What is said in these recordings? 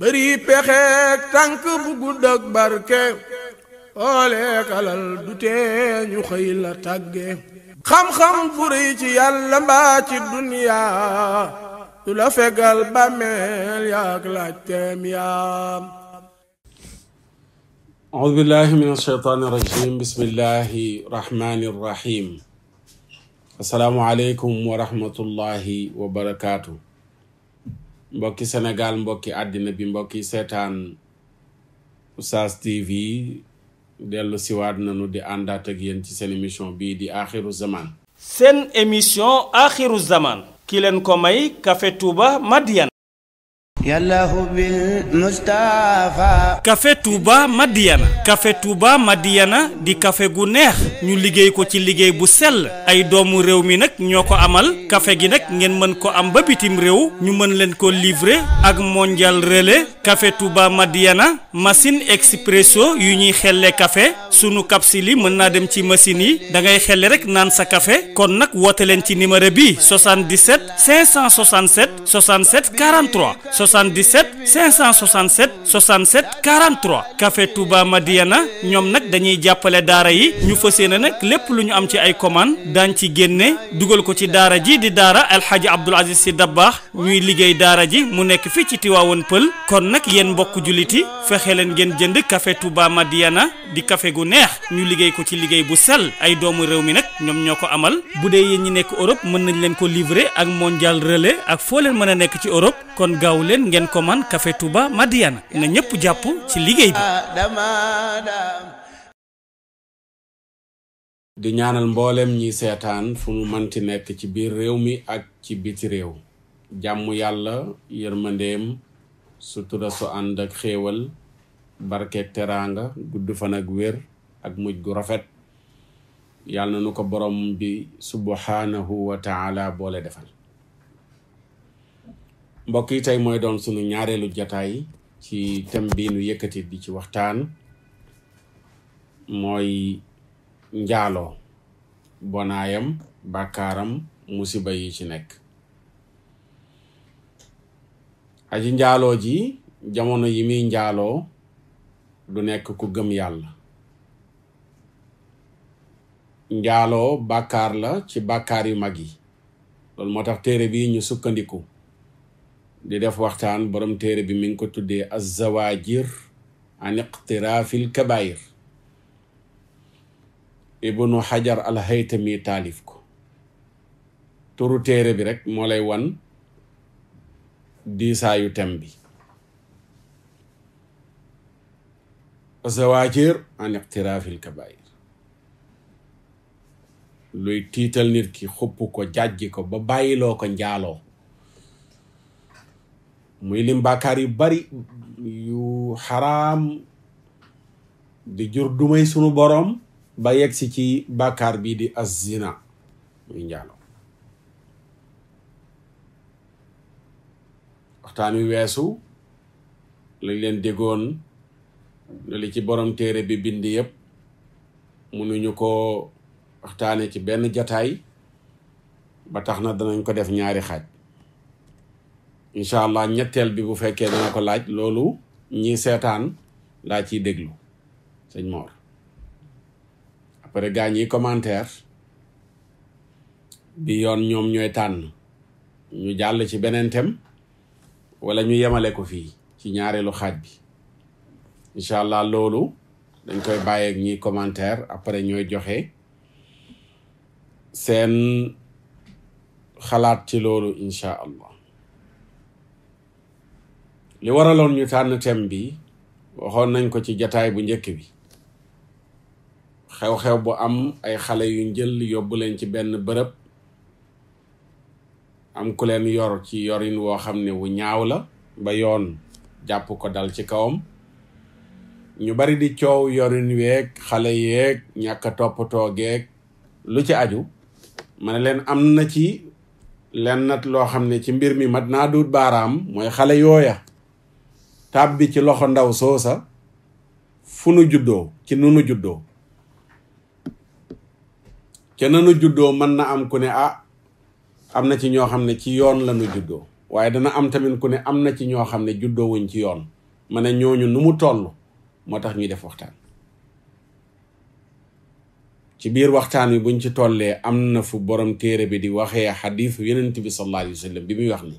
bëri pexeek tànk bu gudd ak barke xooleek alal du tee ñu xëy la tàgge xam-xam bu rëy ci yàlla mbaa ci duniyaa du la fegal bàmmeel yaak laajteem yaa audu billahi min alsheytaani irrajim bismillahi rahmani irrahim asalaamu aleykum wa rahmatullahi wa barakaatu mbokki Sénégal mbokki àddina bi mbokki seetaan Oustaz TV dellu siwaat nañu di àndaat ak yéen ci seen émission bii di aaxiru zaman seen émission aaxiru zaman ki leen ko may Café Touba Madiane yàllahu bil Mustafa café Touba Madiyana café Touba Madiyana di kafe gu neex ñu liggéey ko ci liggéey bu sell ay doomu réew mi nag ñoo ko amal kafe gi nag ngeen mën ko am ba bitim réew ñu mën leen ko livrer ak mondial relais kafe Touba Madiyana machine expresso yu ñuy xelle kafe sunu capsule yi mën naa dem ci machine yi da ngay xelle rek naan sa kafe kon nag woote leen ci numéro bi 77 567 67 43 77 567 67 43 Café Touba Madiana ñoom nag dañuy jàppale daara yi ñu fas yéene nag lépp lu ñu am ci ay commande daañ ci génne dugal ko ci daara ji di daara alxaaji Abdul Aziz si Dabbaax ñuy liggéey daara ji mu nekk fii ci Tiwaawoon Pël kon nag yéen mbokk julliti fexe leen ngeen jënd kafe Touba Madiana di kafe gu neex ñu liggéey ko ci liggéey bu sel ay doomu réew mi nag ñoom ñoo ko amal bu dee yéen ñi nekk Europe mën nañ leen ko livrer ak mondial relais ak foo leen mën a nekk ci Europe ngeen ko man Café Touba Madiyana na ñëpp jàpp ci liggéey bi di ñaanal mboolem ñi seetaan fu mu mënti nekk ci biir réew mi ak ci biti réew jàmm yàlla yërmandeem sutura su ànd ak xéewal barkeeg teraanga gudd fan ak wér ak mujj gu rafet yàlla na nu ko borom bi subhanahu wa taala boole defal mbokk yi tey mooy doon sunu ñaareelu jataay ci thème bii nu yëkkati di ci waxtaan mooy njaaloo bonaayam bàkkaaram musiba yi ci nekk aji njaaloo ji jamono yi muy njaaloo du nekk ku gëm yàlla njaaloo bàkkaar la ci bàkkaar yu mag yi loolu moo tax téere bii ñu sukkandiku di def waxtaan borom téere bi mi ngi ko tuddee azawajir an iqtiraafil kabair ibnu xajar alhaytami taalif ko turu téere bi rek moo lay wan diisaayu tem bi azawajir an iqtiraafil kabair luy tiital nit ki xupp ko jàjji ko ba bàyyiloo ko njaaloo muy lim bàkkaar yu bari yu xaraam di jur du dumay sunu boroom ba yegg si ci bàkkaar bii di azzina muy njaaloo waxtaan wi weesu lañ leen déggoon ne li ci borom téere bi bind yëpp mënuñu ko waxtaane ci benn jataay ba tax na danañ ko def ñaari xaaj incha allah ñetteel bi bu fekkee dana ko laaj loolu ñi seetaan laa ci déglu sëñ Mor après gaa ñi commentaire bi yoon ñoom ñooy tànn ñu jàll ci beneen tem wala ñu yemale ko fii ci ñaareelu xaaj bi incha allah loolu dañ koy bàyyeeg ñi commentaire après ñooy joxe seen xalaat ci loolu incha allah li waraloon ñu tànn thème bi waxoon nañ ko ci jataay bu njëkk bi xew-xew bu am ay xale yu njël yóbbu leen ci benn bërëb am ku leen yor ci yorin woo xam ne wu ñaaw la ba yoon jàpp ko dal ci kawam ñu bari di coow yorin week xale yeeg ñàkk a toppatoo geeg lu ci aju ma ne leen am na ci lenn nat loo xam ne ci mbir mi mat naa duut baaraam mooy xale yooya tàbbi ci loxo ndaw soosa funu juddoo ci nunu juddoo ca na juddoo mën na am ku ne a ah, am na ci ñoo xam ne ci yoon lanu juddoo waaye dana am tamit ku ne am na ci ñoo xam ne juddoo wuñ ci yoon ma ne ñooñu nu mu toll moo tax ñuy def waxtaan ci biir waxtaan wi buñ ci tollee am na fu borom téere bi di waxee xadiis yonent bi sallallahu alayhi wa sallam bi muy wax ni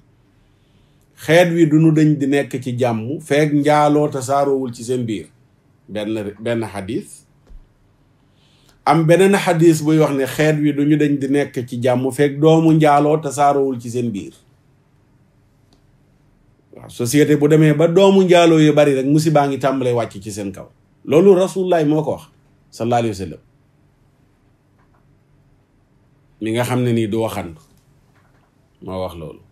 xeet wi du nu dañ di nekk ci jàmm feek njaaloo tasaaroowul ci seen biir benn benn xadis am beneen xadiis buy wax ne xeet wi duñu deñ di nekk ci jàmm feek doomu njaaloo tasaaroowul ci seen biir waaw bu demee ba doomu njaaloo yu bari rek baa ngi tàmbalee wàcc ci seen kaw loolu rasulullahi moo ko wax sallallahu alayhi mi nga xam ne nii du waxandu moo wax loolu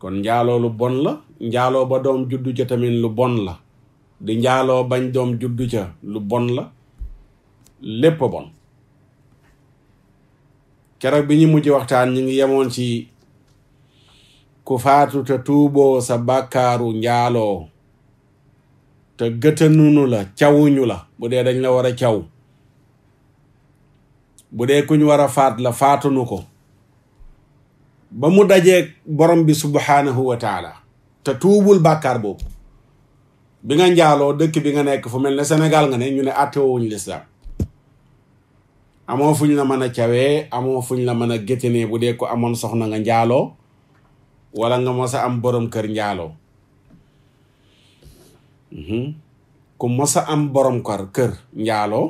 kon njaaloo lu bon la njaaloo ba doom juddu ca tamit lu bon la di njaaloo bañ doom juddu ca lu bon la lépp bon keroog bi ñu mujj waxtaan ñu ngi yemoon ci ku faatu te tuuboo sa bakkaaru njaaloo te gëtënunu la cawuñu la bu dee dañ la war a caw bu dee kuñ war faat la faatunu ko ba mu dajee borom bi subhaanahu wa taala te tuubul bàkkaar boobu bi nga njaaloo dëkk bi nga nekk fu mel ne Sénégal nga ne ñu ne àttewuñu lislaam amoo fuñ la mën a cawee amoo fuñ la mën a géttinee bu dee ko amoon soxna nga njaaloo wala nga mos a am borom kër njaaloo mhm. ku mos am borom kër kër njaaloo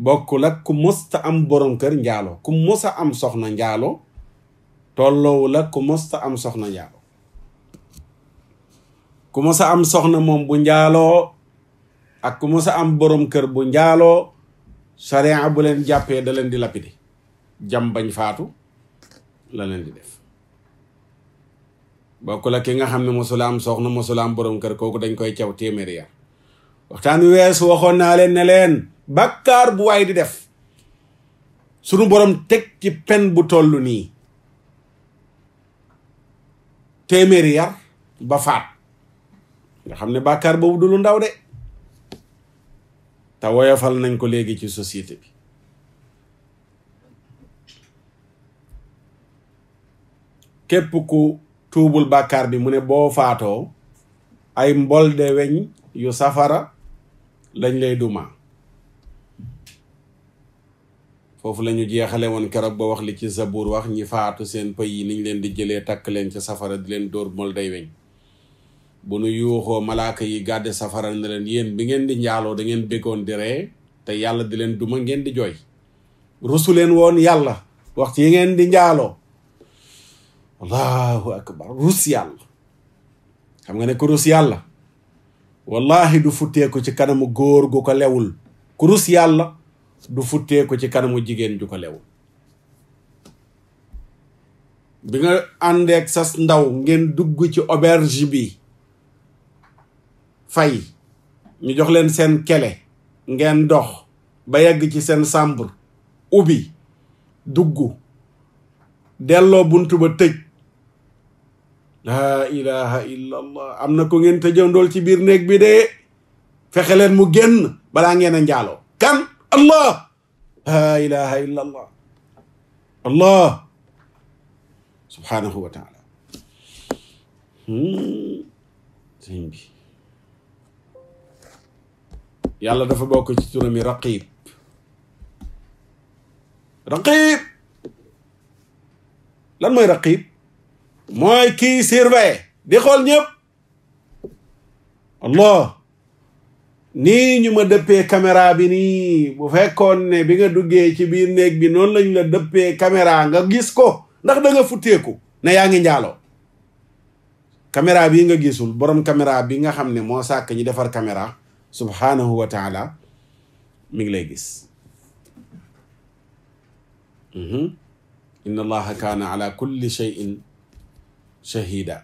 bokkul ak ku mësta am borom kër njaaloo ku mës am soxna njaaloo tolloowul ak ku mësta am soxna njaaloo ku mës am soxna moom bu njaaloo ak ku mës a am borom kër bu njaaloo sariya bu leen jàppee da leen di lapide jambañ faatu la leen di def bokkul ak ki nga xam ne mosula am soxna mosula am borom kër kooku dañ koy caw téeméeri yar waxtaan wees waxoon naa leen ne leen bàkkaar bu waay di def sunu borom teg ci pen bu toll nii téeméeri yar ba faat nga xam ne bàkkaar boobu du lu ndaw de te woyofal nañ ko léegi ci société bi képp ku tuubul bàkkaar bi mu ne boo faatoo ay mbol weñ yu safara lañ lay duma foofu la ñu jeexale woon keroog ba wax li ci Zabuur wax ñi faatu seen pay yi niñ leen di jëlee takk leen ca safara di leen dóor mol day weñ bu nu yuuxoo malaaka yi gàdde safara ne leen yéen bi ngeen di njaaloo da ngeen béggoon di ree te yàlla di leen duma ngeen di jooy rusu leen woon yàlla waxtu yi ngeen di njaaloo allahu akbar rus yàlla xam nga ne ku rus yàlla wallahi du futteeku ci kanamu góor gu ko lewul ku rus yàlla du futtee ko ci kanamu jigéen ju ko lew bi nga àndeek sas ndaw ngeen dugg ci auberge bi fay ñu jox leen seen kele ngeen dox ba yegg ci seen chambre ubbi dugg delloo bunt ba tëj laa ilaha illa am na ko ngeen tëjandool ci biir néeg bi de fexe leen mu génn balaa ngeen a njaaloo kan allah laa ilaha illa allah allah subhaanahu wa taala hmm. sëñ bi yàlla dafa bokk ci turam yi raqib raqib lan mooy raqib mooy kii surveille di xool ñëpp allah nii ñu ma dëppee caméra bi nii bu fekkoon ne bi nga duggee ci biir néeg bi noonu lañ la dëppee caméra nga gis ko ndax da nga futteeku ne yaa ngi njaalo caméra bii nga gisul borom caméra bi nga xam ne moo sàkk ñi defar caméra subhaanahu wa taala mi ngi lay gis mhm. inna allaha kaana ala kulli shay'in shahida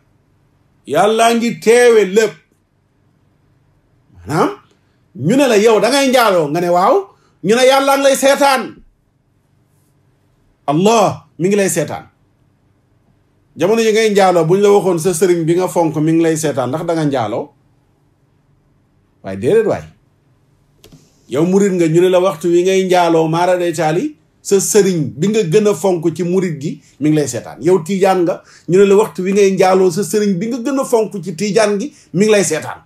yàllaa ngi teewe lépp ñu ne la yow dangay ngay njaaloo nga ne waaw ñu ne yàlla lay seetaan allah mi ngi lay seetaan jamono yi ngay njaaloo buñ la waxoon sa sëriñ bi nga fonk mi ngi lay seetaan ndax da nga njaaloo waaye nga ñu ne la waxtu wi ngay njaaloo maara de taali sa sëriñ bi nga gën fonk ci murit gi mu ngi lay seetaan yow tiijaan nga ñu ne la waxtu wi ngay njaaloo sa sëriñ bi nga gën fonk ci tiijaan gi mi ngi lay seetaan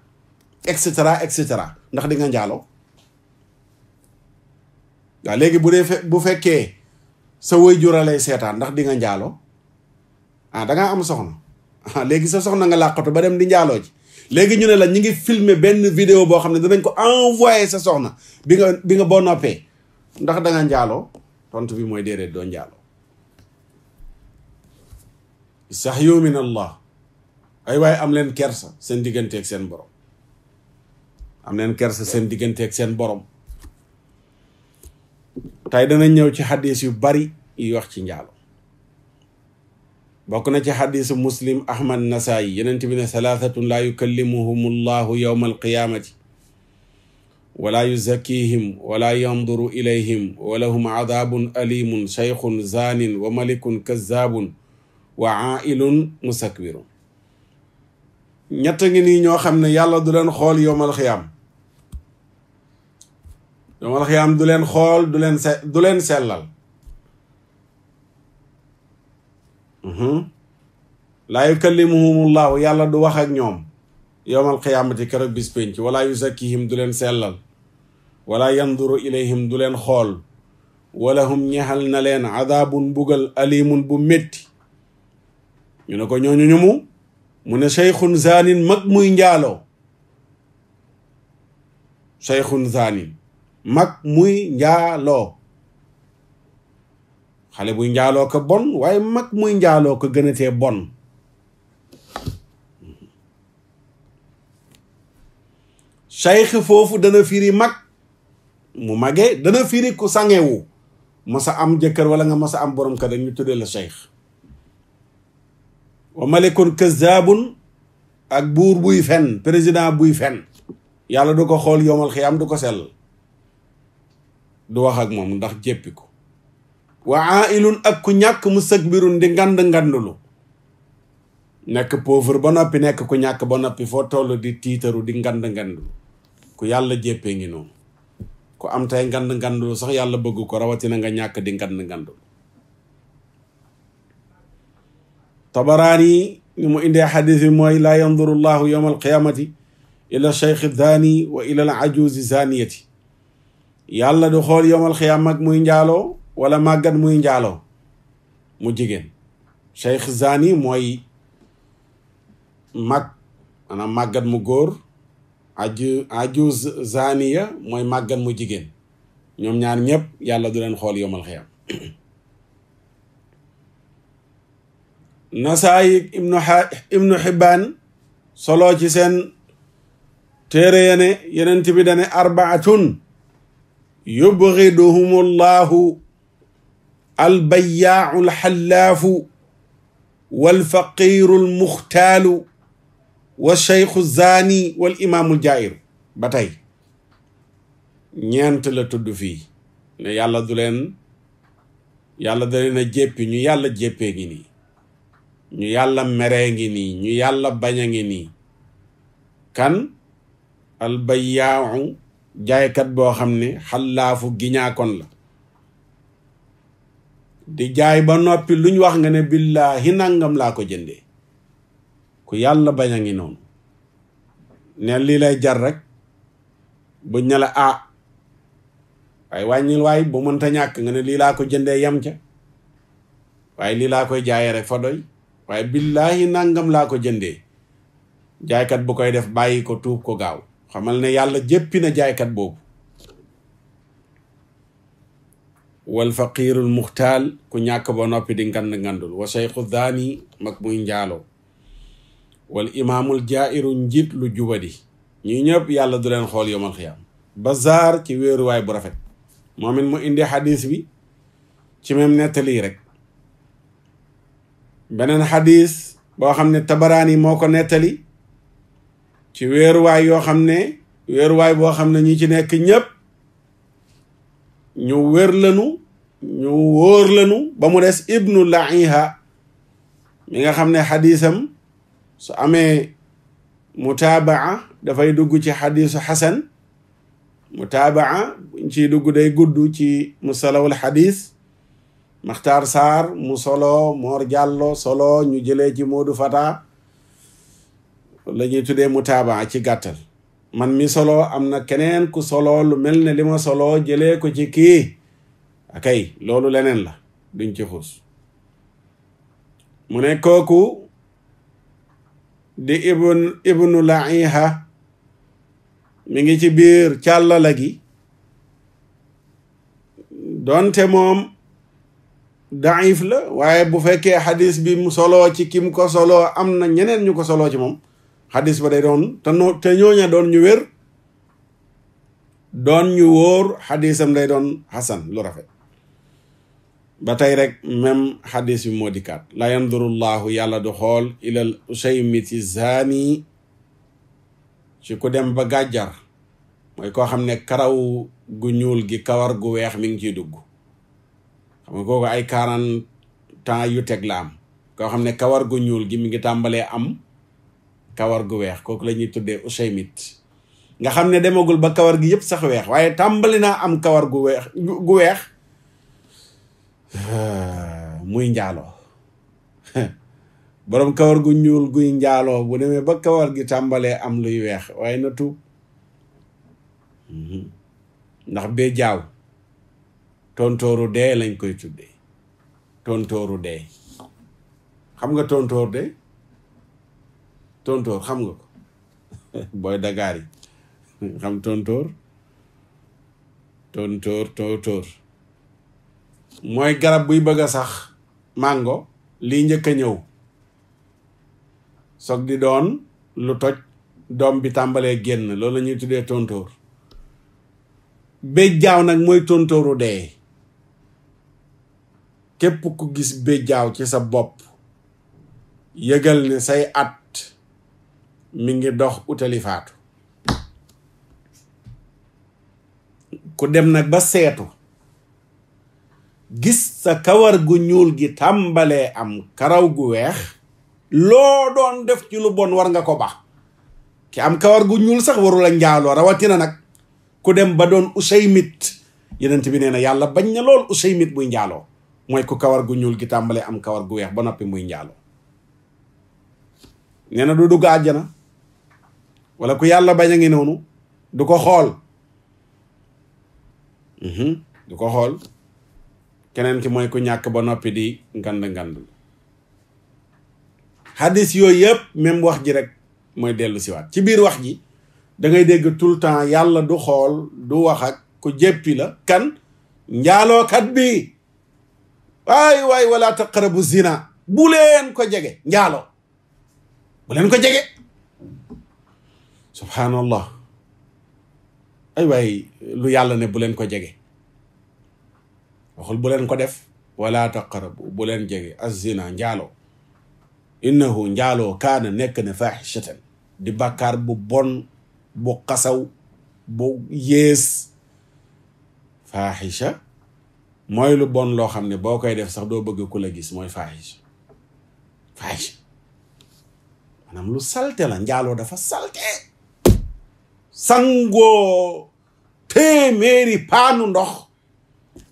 et cetera et cetera ndax di nga njaaloo waaw léegi bu dee bu fekkee sa waajur lay seetaan ndax dinga nga njaaloo ah da ngaa am soxna ah léegi sa soxna nga làqatu ba dem di njaaloo ji léegi ñu ne la ñu ngi filmer benn video boo xam ne danañ ko envoyé sa soxna bi nga bi boo noppee ndax danga nga njaaloo tontu bi mooy déedéet doo njaaloo sax yoo min allah ay waaye am leen kersa seen digganteeg seen borom am neen kersa seen diggante ak seen borom tey danañ ñëw ci xadis yu bari yuy wax ci njaalo bokk na ci xadisu muslim ahmad nasaayi yenent bi ne salaatatun laa yukallimuhum allahu yowma alqiyaamati wala yuzakkihim wala yanduru ilayhim wa lahum adaabun alimun cheykhun zaanin wa malikun kazaabun wa aa'ilun mustakbirun ñett ngi nii ñoo xam ne yàlla du leen xool yowmal xiyaam yowmal xiyaam du leen xool du leen se du leen sellal mhm. laa yukallimuhumullahu yàlla du wax ak ñoom yowmal xiyaamati keroog bis pénc wala yuzakkihim du leen sellal wala yanduru ilayhim du leen xool wala hum ñexal na leen adaabun bugal alimun bu metti ñu ne ko ñooñu ñu mu mu ne seyxun zanin mag muy njaaloo seyxun zanin mag muy njaaloo xale buy njaaloo ko bon waaye mag muy njaaloo ko gënatee bon sayx foofu dana firi mag mu magee dana firi ku sangewu masa am jëkkër wala nga masa am borom kër dañu tuddee la sayx wa malekun kazaabun ak buur buy fen président buy fen yàlla du ko xool yomal am du ko sell du wax ak moom ndax jéppi ko wa ailun ak ku ñàkk mu sakbirun di ngand ngandulu nekk pauvre ba noppi nekk ku ñàkk ba noppi foo toll di tiitaru di ngand ngandulu ku yàlla jéppee ngi noonu ku am tey ngand ngandulu sax yàlla bëgg ko rawatina nga ñàkk di ngand ngandulu tabaraan yi ni mu indee xadis bi mooy laa yanduru llahu yowma alqiyaamati ila cheikh zani wa ila al ajuzi zaniyati yàlla du xool yowmal xiyaam mag muy njaaloo wala màggat muy njaaloo mu jigéen cheikh zani mooy mag maanaam màggat mu góor aju ajuz zaniya mooy màggat mu jigéen ñoom ñaar ñëpp yàlla du leen xool yowmal xiyaam nasaayi ibnu ibnu xibbaan solo ci seen téere ya ne yenent bi dane arbaatun yubgiduhum allahu albayaacu alxallaafu walfaqiru almuxtaalu walcheykhu zaani wal imaamu ljaa'iru ba tey ñeent la tudd fii ne yàlla du leen yàlla da leen a ñu yàlla jéppee ngi ñu yàlla meree ngi nii ñu yàlla bañ a ngi nii kan albayyaahu jaaykat boo xam ne xal xallaafu giñaakon la di jaay ba noppi luñ wax nga ne billaahi nangam laa ko jënde ku yàlla bañ a ngi noonu ne lii lay jar rek buñ ne la ah waaye wàññil waay bu mënta ñàkk nga ne lii laa ko jëndee yam ca waaye lii laa koy jaayee rek fa doy waaye billaahi nangam laa ko jëndee jaaykat bu koy def bàyyi ko tuub ko gaaw xamal ne yàlla jéppi na jaaykat boobu wal faqiirul muxtaal ku ñàkk ba noppi di ngand ngandul wa seyxu daani mag muy njaaloo wal imaamul jaairu njiit lu jubadi ñuy ñëpp yàlla du leen xool yowmal xiyaam bazaar ci wéeruwaay bu rafet moom it mu indi xadis bi ci même nettali rek beneen xadis boo xam ne tabaraan yi moo ko nettali ci weeruwaay yoo xam ne weeruwaay boo xam ne ñi ci nekk ñëpp ñu wér lanu ñu wóor lanu ba mu des ibnu laiha mi nga xam ne xadisam su amee mutaabaa dafay dugg ci xadisu xasan mutaabaa ciy dugg day gudd ci musalawul xadis maxtar Sarr mu solo Mor Diallo solo ñu jële ci Modou Fata la ñuy tuddee mu taaba ci gàttal man mi solo am na keneen ku solo lu mel ne li ma solo jëlee ko ci kii akay loolu leneen la duñ ci xuus mu ne kooku di ibn ibnu laiha mi ngi ci biir càllala gi donte moom daif la waaye bu fekkee xadiis bi mu soloo ci ki mu ko soloo am na ñeneen ñu ko soloo ci moom xadiis ba day doon te noo te ñooña doon ñu wér doon ñu wóor xadisam day doon xasan lu rafet ba tey rek même xadis bi moo dikkaat la yanduru yàlla du xool ilal usaymiti zaani ci ku dem ba gàjjar mooy koo xam ne karaw gu ñuul gi kawar gu weex mi ngi ciy dugg kooku ay quarante temps yu teg la am koo xam ne kawar gu ñuul gi mi ngi tàmbalee am kawar gu weex kooku la ñuy tuddee usaymit nga xam ne demagul ba kawar gi yëpp sax weex waaye tàmbali naa am kawar gu weex muy njaaloo boroom kawar gu ñuul guy njaaloo bu demee ba kawar gi tàmbalee am luy weex waaye na tuub mm-hmm. ndax bee jaaw tontooru dee lañ koy tuddee tontooru dee xam nga tontoor de tontoor xam nga ko booy dagaar yi xam tontoor tontoor tontoor mooy garab buy bëgg a sax màngo lii njëkk a ñëw soog di doon lu toj doom bi tàmbalee génn loolu lañuy tuddee tontoor béjjaaw nag mooy tontooru dee képp ku gis béjjaaw ci sa bopp yëgal ne say at mu ngi dox utali faatu ku dem nag ba seetu gis sa kawar gu ñuul gi tàmbalee am karaw gu weex loo doon def ci lu bon war nga ko bax ki am kawar gu ñuul sax warul a njaaloo rawatina nag ku dem ba doon usaymit yenent bi nee na yàlla bañ na lool usaymit buy njaaloo mooy ku kawar gu ñuul gi tàmbali am kawar gu weex ba noppi muy njaalo nee na du dugg àjjana walla ku yàlla bañ a ngi noonu du ko xool mhm, du ko xool keneen ki mooy ku ñàkk ba noppi di ngand ngand xadis yooyu yëpp même wax ji rek mooy dellu siwaat ci biir wax ji da ngay dégg tout le temps yàlla du xool du wax ak ku jéppi la kan njaalookat bi waay waay wala taqrabu zina bu leen ko jege njaalo buleen ko jege subhaanallah ay waay lu yàlla ne bu leen ko jege waxul bu leen ko def wala taqrabu bu leen jege az-zina njaalo innahu njaaloo kaana nekk na faaxishatan di bàkkaar bu bon bu xasaw bu yées faaxisha mooy lu bon loo xam ne boo koy def sax doo bëgg ku la gis mooy fahish fahish maanaam lu salte la njaaloo dafa salte sangoo téeméeri paanu ndox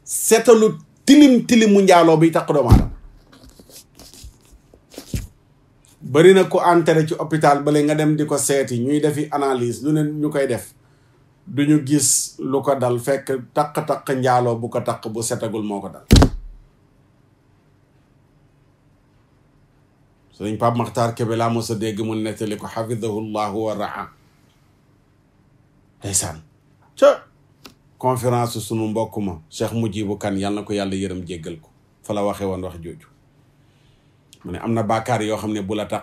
seetalu tilim tilimu njaaloo bi taq doomu aadama bëri na ko enteré ci hôpital bale nga dem di ko seeti ñuy defi analyse lu ne ñu koy def ñu gis lu ko dal fekk taq-taq njaaloo bu ko taq bu setagul moo ko dal sëriñ Pape Makhtar Kébé laa mos sa dégg mu nettali ko xafidahu llahu wa raa ndeysaan ca conférence sunu mbokk ma Cheikh Mujibu Kan yàlla na ko yàlla yërëm jéggal ko fa la waxee woon wax jooju mu ne am na bàkkaar yoo xam ne bula la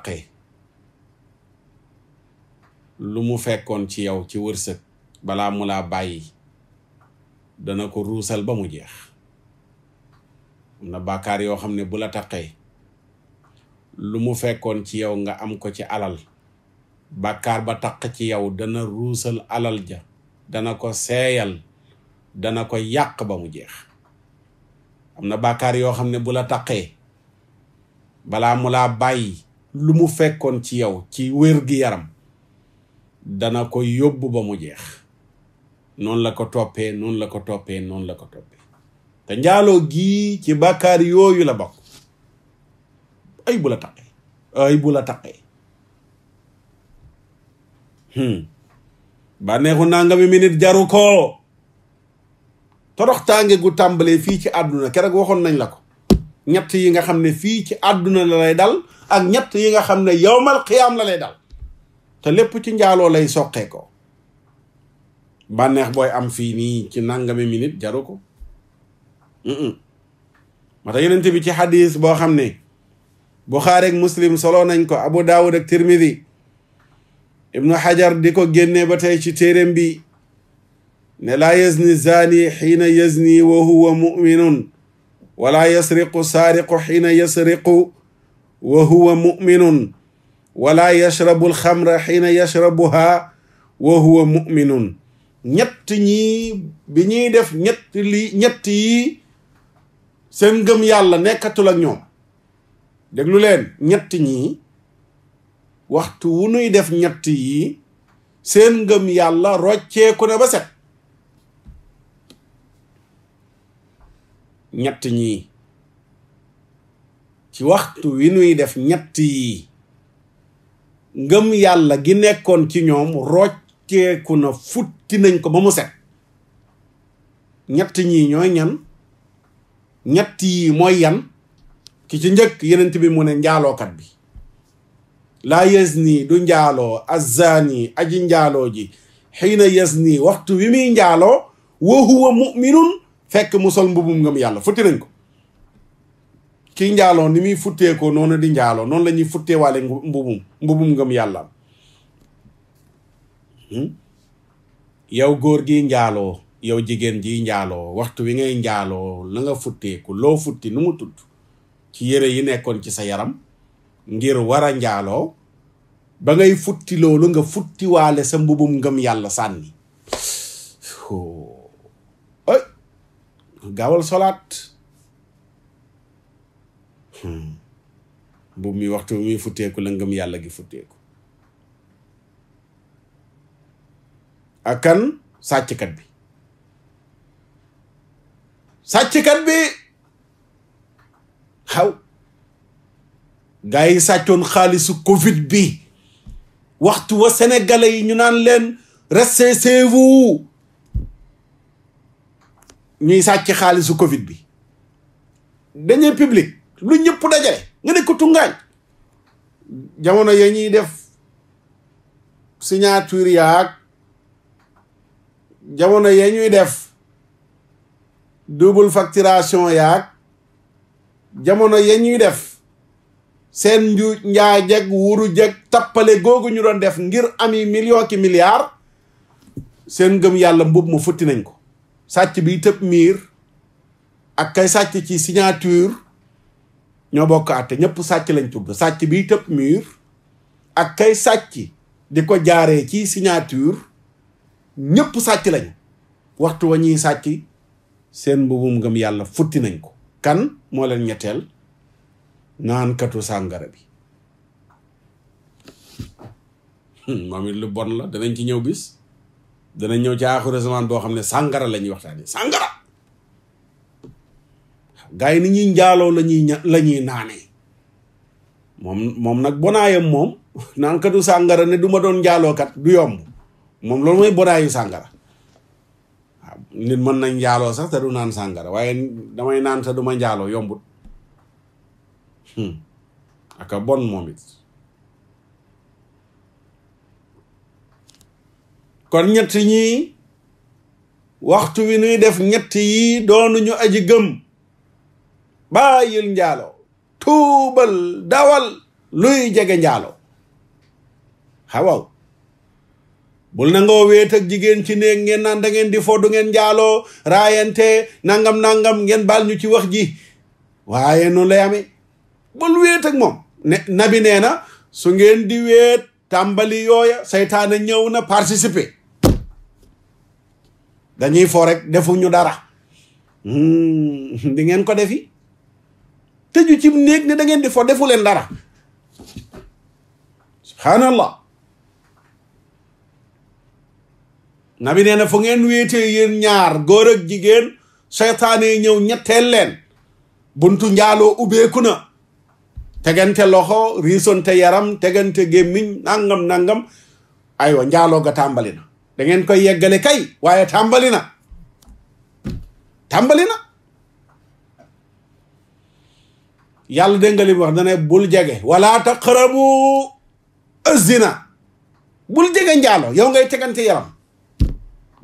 lu mu fekkoon ci yow ci wërsëg balaa mu laa bàyyi dana ko ruusal ba mu jeex am na bàkkaar yoo xam ne bu la taqee lu mu fekkoon ci yow nga am ko ci alal bàkkaar ba taq ci yow dana ruusal alal ja dana ko seeyal dana ko yàq ba mu jeex am na bàkkaar yoo xam ne bu la taqee balaa mu laa bàyyi lu mu fekkoon ci yow ci wér gi yaram dana ko yóbbu ba mu jeex noonu la ko toppee noonu la ko toppee noonu la ko toppee te njaaloo gii ci bàkkaar yooyu la bokk ay bu la taqee ay bu la taqee hmm. bànneexu naa nga mi minit jaru ko toroxtaange gu tàmbalee fii ci àdduna keroog waxoon nañ la ko ñett yi nga xam ne fii ci àdduna la lay dal ak ñett yi nga xam ne yowmal xiyaam la lay dal te lépp ci njaaloo lay soqee ko bànneex booy am fii nii ci nangami minute jaru ko moo tax yenente bi ci xadis boo xam ne buxaari ak muslim solo nañ ko abu daawud ak tirmidi ibnu xajar di ko génnee ba tey ci téeréem bi ne la yazni zaani xiina yazni wa huwa muminun wala yasriqu saariqu xiina yasriqu wa huwa muminun wala yashrabu alxamra xiina yashrabuha wa huwa muminun ñett ñii bi ñuy def ñett ñett yi seen ngëm yàlla nekkatul ak ñoom déglu leen ñett ñii waxtu wu nuy def ñett yi seen ngëm yàlla rocceeku na ba set ñett ñii ci waxtu wi nuy def ñett yi ngëm yàlla gi nekkoon ci ñoom rocceeku na fut ti nañ ko ba mu set ñett ñii ñooy ñan ñett yii mooy yan ki ci njëkk yenent bi mu ne njaalookat bi laa yes ni du njaaloo azzaani aji njaaloo ji xiina yes ni waxtu wi muy njaaloo wa huwa muminun fekk mu sol mbubum ngam yàlla futti nañ ko kii njaaloo ni muy futteekoo noonu di njaaloo noonu la ñuy futteewaale mbubum mbubum ngëm yàlla hmm? yow góor gi njaaloo yow jigéen ji njaaloo waxtu wi ngay njaaloo la nga futteeku loo futti nu mu tudd ci yére yi nekkoon ci sa yaram ngir war a njaaloo ba ngay futti loolu nga futti waale sa mbubum ngëm yàlla sànni ay gaawal solaat hmm. mbubb mi waxtu mi futteeku la ngëm yàlla gi futteeku ak kan sàcckat bi sàcckat bi xaw gaa yi sàccoon xaalisu Covid bi waxtu wa sénégalais yi ñu naan leen restez chez ñuy sàcc xaalisu Covid bi dañuy public lu ñëpp dajale nga ne ko tungaañ jamono ya ñuy def signature yaag jamono yee ñuy def double facturation yaag jamono yee ñuy def seen nju njaajeg wuru jeg tappale googu ñu doon def ngir ami million ki milliard seen ngëm yàlla mbub mu futti nañ ko sàcc bi tëb ak kay sàcc ci signature ñoo bokk ñëpp sàcc lañ tudd sàcc bi tëb miir ak kay sàcc di ko jaaree ci signature ñëpp sàcc lañ waxtu wa ñuy sàcc seen mbubum ngëm yàlla futti nañ ko kan moo leen ñetteel naankatu sàngara bi hmm, moom it lu bon la danañ ci ñëw bis danañ ñëw ci aaxiru zaman boo xam ne sàngara lañuy ñuy waxtaanee sàngara gars yi ni ñuy njaaloo la ñuy la naanee moom moom nag bonaayam moom naankatu sàngara ne duma doon njaalookat du yomb moom loolu mooy bodaayu sàngara waaw nit mën na njaaloo sax te du naan sàngara waaye damay naan sa duma ma njaaloo yombut hmm. aka bon moom kon ñett ñii waxtu wi nuy def ñett yii doonuñu aji gëm bàyyil njaaloo tuubal dawal luy jege njaaloo xawaw bul nangoo wéet jigéen ci néeg ngeen naan da ngeen di foddu ngeen njaaloo raayante nangam nangam ngeen baal ñu ci wax ji waaye noonu lay amee bul wéet ak moom ne nabi nee na su ngeen di wéet tàmbali yooya seytaane ñëw na participer dañuy fo rek defuñu dara hmm, di ko defi tëju ci néeg ne da di fo defu leen dara subhanallah nabi nee na fa ngeen wéetee yéen ñaar góor ak jigéen seytaane ñëw ñetteel leen buntu njaaloo ubbeeku na tegante loxo riisonte yaram tegante gémmiñ nangam nangam aywa njaaloo ga tàmbali na da ngeen koy yeggale kay waaye tàmbali na tàmbali na yàlla dégg nga wax dane bul jege wala taqrabu azina bul jege njalo yow ngay tegante yaram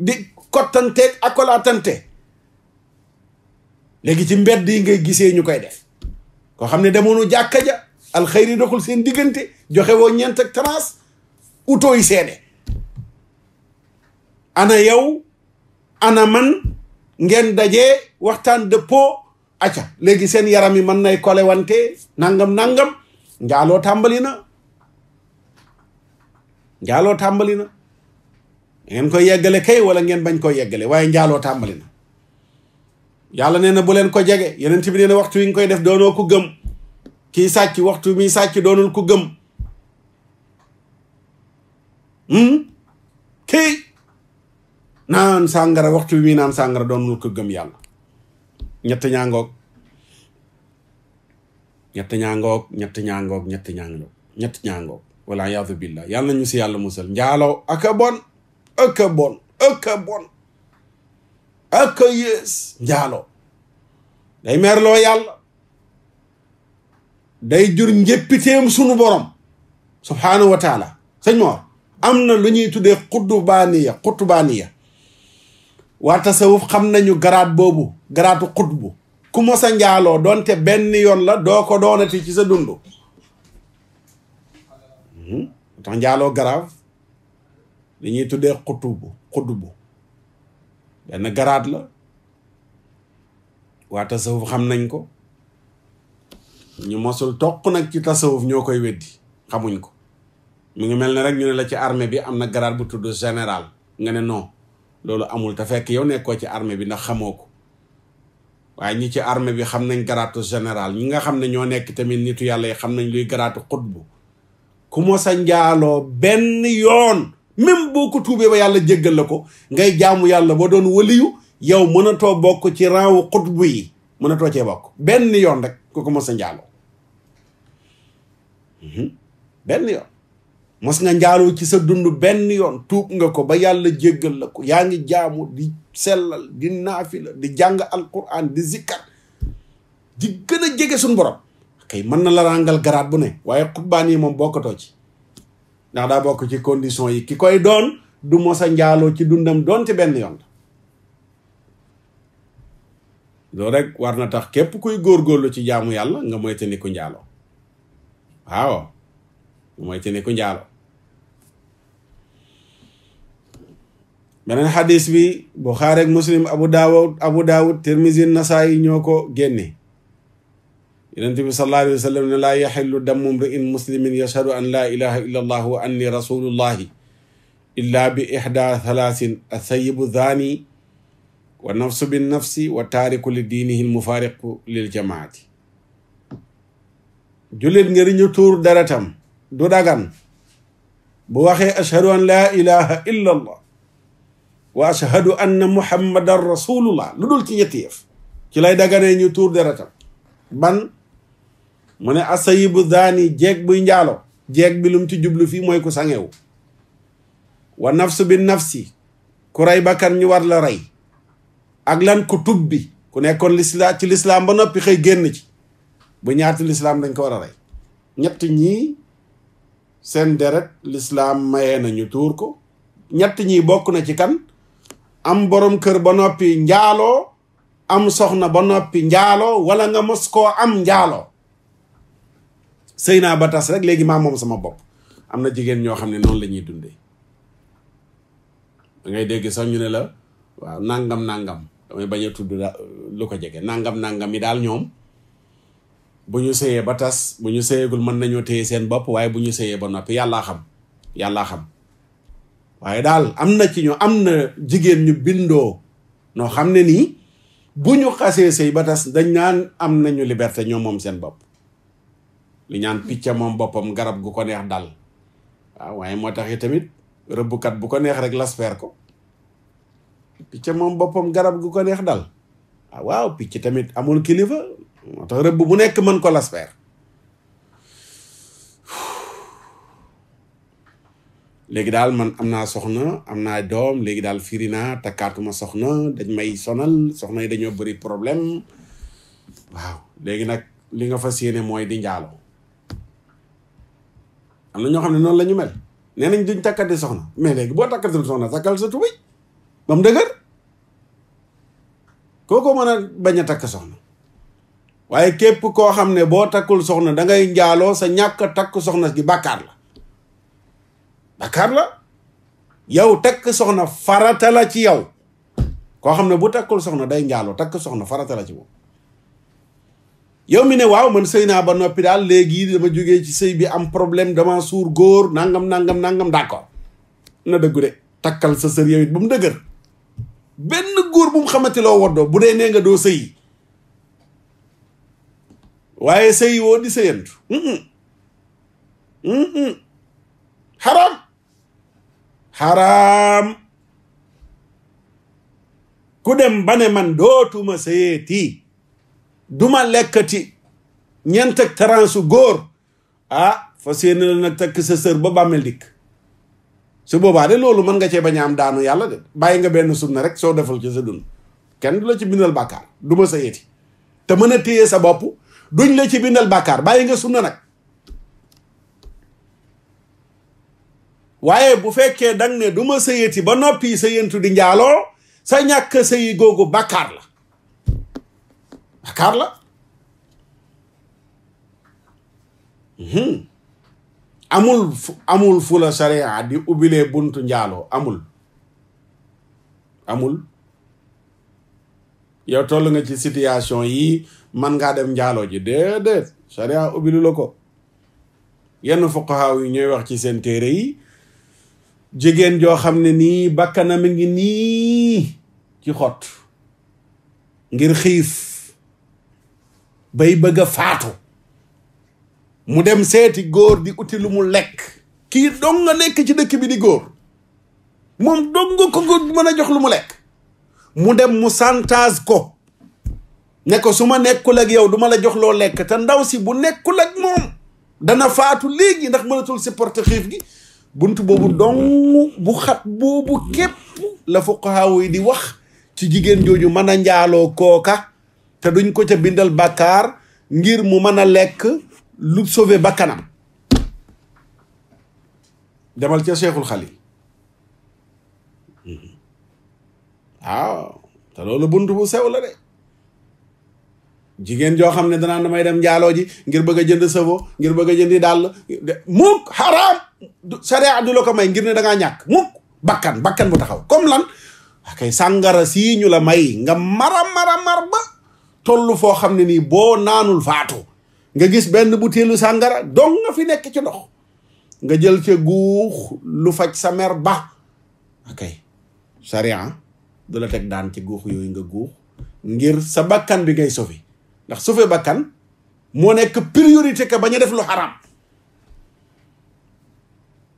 di kottanteeg akolaatante léegi ci mbedd yi ngay gisee ñu koy def koo xam ne demoonu jàkka ja alxayri doxul seen diggante joxe woo ñeent ak trans uto yi seede ana yow ana man ngeen dajee waxtaan dëppoo acca léegi seen yaram yi mën nay kole wante nangam nangam njaaloo tàmbali na njaaloo tàmbali na ngeen ko yeggale kay wala ngeen bañ ko yeggale waaye njaaloo tàmbali na yàlla nee na bu leen ko jege yeneen bi nee waxtu wi nga koy def doonoo ku gëm kii sàcc waxtu mi sàcc doonul ku gëm hmm? kii naan sàngara waxtu wi naan sàngara doonul ku gëm yàlla ñett ñaangoog ñett ñaangoog ñett ñaangoog ñett ñaangoog ñett ñaangoog wala yaadu billah yàlla ñu si yàlla musal njaaloo ak bon ak a bon ak bon ak a yées njaaloo day merloo yàlla day jur njëppiteem sunu borom subhaanahu wa taala sëñ am na lu ñuy tuddee xutbaaniya xutbaaniya waa tasawuf xam nañu garaat boobu garaatu xutbu ku mos a njaaloo doonte benn yoon la doo ko doonati ci sa dund hmm? tax njaaloo grave li ñuy tuddee bu xutubu bu benn garaat la waa tasawuf xam nañ ko ñu mosul toq nag ci tasawuf ñoo koy weddi xamuñ ko mu ngi mel ne rek ñu ne la ci armée bi am na garaat bu tudd général nga ne noo loolu amul te fekk yow nekkoo ci armée bi ndax xamoo ko waaye ñi ci armée bi xam nañ garaatu général ñi nga xam ne ñoo nekk tamit nitu yàlla yi xam nañ luy garaatu xutbu ku mos njaaloo benn yoon même boo ko tuubee ba yàlla jéggal la ko ngay jaamu yàlla boo doon waliyu yow mënatoo bokk ci raawu xutbu yi mënatoo cee bokk benn yoon rek ko ko mos a njaaloo mhm. benn yoon mos nga njaaloo ci sa dund benn yoon tuub nga ko ba yàlla jéggal la ko yaa ngi jaamu di sellal di naafila di jàng alquran di zikkar di gën a jege suñu borom kay mën na la rangal garaat bu ne waaye xubbaan yi moom bokkatoo ci ndax daa bokk ci condition yi ki koy doon du mosa a njaaloo ci dundam doon ci benn yoon loolu rek war na tax képp kuy góor góorlu ci jaamu yàlla nga moytandiku njaaloo waaw nga moytandiku njaaloo beneen xadis bi Buxaari ak Muslim Abu Daawud Abu Daawud Tirmizi Nasaayi ñoo ko génne yonent bi sallallahu alayhi wa sallam ne laa yaxillu damu mriin muslimin yashhadu an laa ilaha illa allah wa anni rasulullahi illa bi ixda thalaasin asayibu zaani wa nafsu bin nafsi wa taariku li diinihi lmufaariqu lil jamaati jullit ngir ñu tuur deretam du dagan bu waxee ashhadu an laa ilaha illa allah wa ashhadu anna muhammadan rasulullah lu dul ci ñetti yëf ci lay daganee ñu tuur deretam ban mu ne asayibu zaani jeeg buy njaalo jeeg bi lum ci jublu fii mooy ku sangewu wa nafsu bi nafsi ku rey bakkan ñu war la rey ak lan ku tub bi ku nekkoon lislaam ci lislaam ba noppi xëy génn ci bu ñaati lislaam dañ ko war a rey ñett ñii seen deret lislaam mayee nañu tuur ko ñett ñi bokk na ci kan am boroom kër ba noppi njaaloo am soxna ba noppi njaaloo wala nga mos koo am njaaloo sëy naa ba tas rek léegi maa moom sama bopp am na jigéen ñoo xam ne noonu lañuy dunde dundee da ngay dégg sax ñu ne la waaw nangam nangam damay bañ a tudd lu ko jege nangam nangam yi daal ñoom bu ñu sëyee ba tas bu ñu sëyeegul mën nañoo téye seen bopp waaye bu ñu sëyee ba noppi yàllaa xam yàllaa xam waaye daal am na ci ñu am na jigéen ñu bindoo noo xam ne nii bu ñu xasee sëy ba tas dañ naan am nañu liberté ñoom moom seen bopp li ñaan picca moom boppam garab gu ko neex dal waaw waaye moo tax tamit rëbbkat bu ko neex rek laspeer ko picca moom boppam garab gu ko neex dal ah, waaw picc tamit amul kilifa moo tax rëbb bu nekk mën ko laspeer léegi daal man am naa soxna am naa doom léegi daal firi naa takkaatuma soxna dañ may sonal soxna yi dañoo bari problème waaw léegi nag li nga fas yéene mooy di njaaloo am na ñoo xam ne noonu la ñu mel nee nañ duñ takkati soxna mais léegi boo takkati soxna takkal sa tubéy ba mu dëgër kooko mën a bañ a takk soxna waaye képp koo xam ne boo takkul soxna da ngay njaaloo sa ñàkk takk soxna gi bàkkaar la bàkkaar la yow takk soxna farata la ci yow koo xam ne bu takkul soxna day njaaloo takk soxna farata la ci moom yow mi ne waaw man sëy naa ba noppi daal léegi dama jógee ci sëy bi am problème dama suur góor nangam nangam nangam d'accord na dëggu de takkal sa sër yow it bu mu dëgër benn góor bu mu xamante loo woddoo bu dee neenga doo sëyi waaye sëyi woo di sëyantu xaraam xaraam ku dem ba ne man dootuma sëyeeti duma lekkati ñeent ak su góor ah fa yéene la nag takk sa sër ba bàmmeel dikk su boobaa de loolu mën nga cee bañ a am daanu yàlla de bàyyi nga benn sunna rek soo deful ci sa dund kenn du la ci bindal bàkkaar du ma sa te mën a téye sa bopp duñ la ci bindal bàkkaar bàyyi nga sunna nag waaye bu fekkee dang ne du ma sëyati ba noppi sëyantu di njaaloo sa ñàkk sëyi googu bàkkaar la bàkkaar mhm. amul fu amul fu sariya di ubbilee buntu njaaloo amul amul yow toll nga ci situation yi man ngaa dem njaaloo ji déedéet sariya ubbilu la ko yenn fuqahaa yi ñooy wax ci seen téere yi jigéen joo xam ne nii bakkanam mi ngi nii ci xot ngir xiif bay bëgg a faatu mu dem seeti góor di uti lu mu lekk kii dong nga nekk ci dëkk bi di góor moom dong nga ko nga mën a jox lu mu lekk mu dem mu santage ko ne ko su ma nekkul yow du ma la jox loo lekk ta ndaw si bu nekkul ak moom dana faatu léegi ndax mënatul supporter xiif gi bunt boobu dong bu xat boobu képp la fuqahaa yi di wax ci jigéen jooju mën a njaaloo kooka te duñ ko ca bindal bàkkaar ngir mu mën a lekk lu sauvé bakkanam demal ca Cheikhul Xalil waaw te loolu bunt bu sew la de jigéen joo xam ne danaan may dem njaaloo ji ngir bëgg jënd savo ngir bëgga a jëndi dàll mukk xaraam sariya du la ko may ngir ne da ngaa mukk bakkan bakkan bu taxaw comme lan akay sàngara sii ñu la may nga mara mara mar ba toll foo xam ne nii boo naanul faatu nga gis benn butéelu sàngara doom nga fi nekk ci ndox nga jël ca guux lu faj sa mer ba akay sariya du la teg daan ci guux yooyu nga guux ngir sa bakkan bi ngay sauver ndax sauver bakkan moo nekk priorité ka ba a def lu xaraam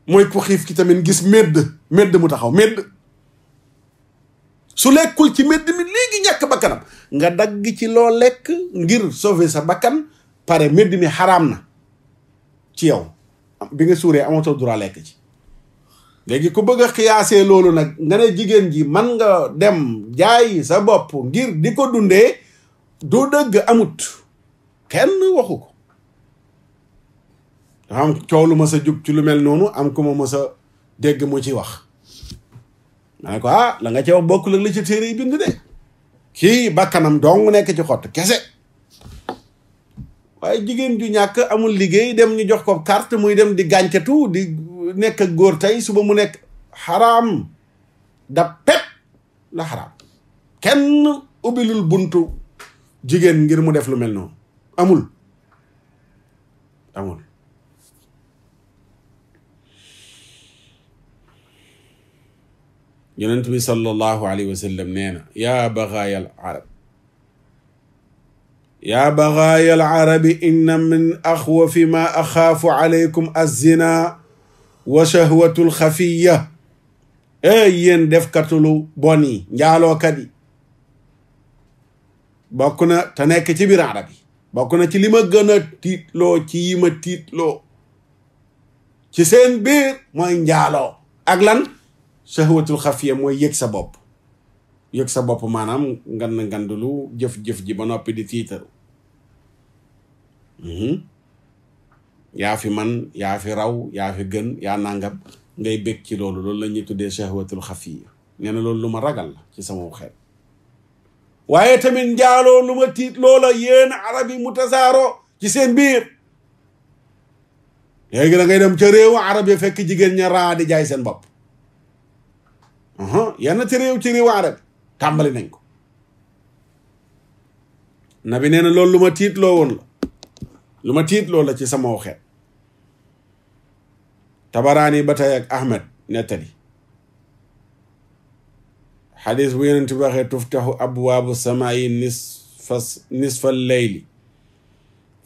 mooy ku xiif ki tamit gis medd medd mu taxaw medd su lekkul ci mbedd mi léegi ñàkk bakkanam nga dagg ci loo lekk ngir sauver sa bakkan pare mbedd mi xaraam na ci yow ah, bi nga suuree amatoo droit lekk ci léegi ku bëgg a xiyaasee loolu nag nga ne jigéen ji man nga dem jaay sa bopp ngir di ko dundee doo dëgg amut kenn waxu ko dafa am coow lu ma sa jub ci lu mel noonu am ku ma ma sa dégg mu ci wax naa ne ko ah la nga ca wax bokkul ak la ci téere yi bind de kii bakkanam dong nekk ci xott kese waaye jigéen ju ñàkk amul liggéey dem ñu jox ko carte muy dem di gàncetu di nekk ak góor tey suba mu nekk xaram da pet la xaraam kenn ubbilul buntu jigéen ngir mu def lu mel noonu amul amul yonent bi sallallahu alayhi wa sallam nee na yaa baxaayal arab yaa baxaayal arabi inna min axwafi ma axaafu alaykum azzina wa shahwatul xafiya ey yéen defkatulu bon yi njaalookat yi bokk na te nekk ci biir arab yi bokk na ci li ma a ci yi ma tiitloo ci seen biir mooy njaaloo ak saxwatul xafiya mooy yëg sa bopp yëg sa bopp maanaam ngand ngandulu jëf-jëf ji ba noppi di tiitaru mhm. yaa fi man yaa fi raw yaa fi gën yaa nàngam ngay bég ci loolu loolu la ñuy tuddee saxwatul xafiya nee na loolu lu ma ragal la ci sama xel waaye tamit njaaloo lu ma tiit loola yéen arab yi mu tasaaroo ci seen biir léegi da ngay dem ca réewu arab ya fekk jigéen ña raa di jaay seen bopp yenn ci réew ci réewu arab tàmbali nañ ko nabi nee na loolu lu ma tiitloo woon la lu ma tiitloo la ci sama waxeet tabaraani ba tey ak ahmed nettali xadis bu yonent bi waxee tuftaxu abwaabu samaayi nisfa nisfa leyli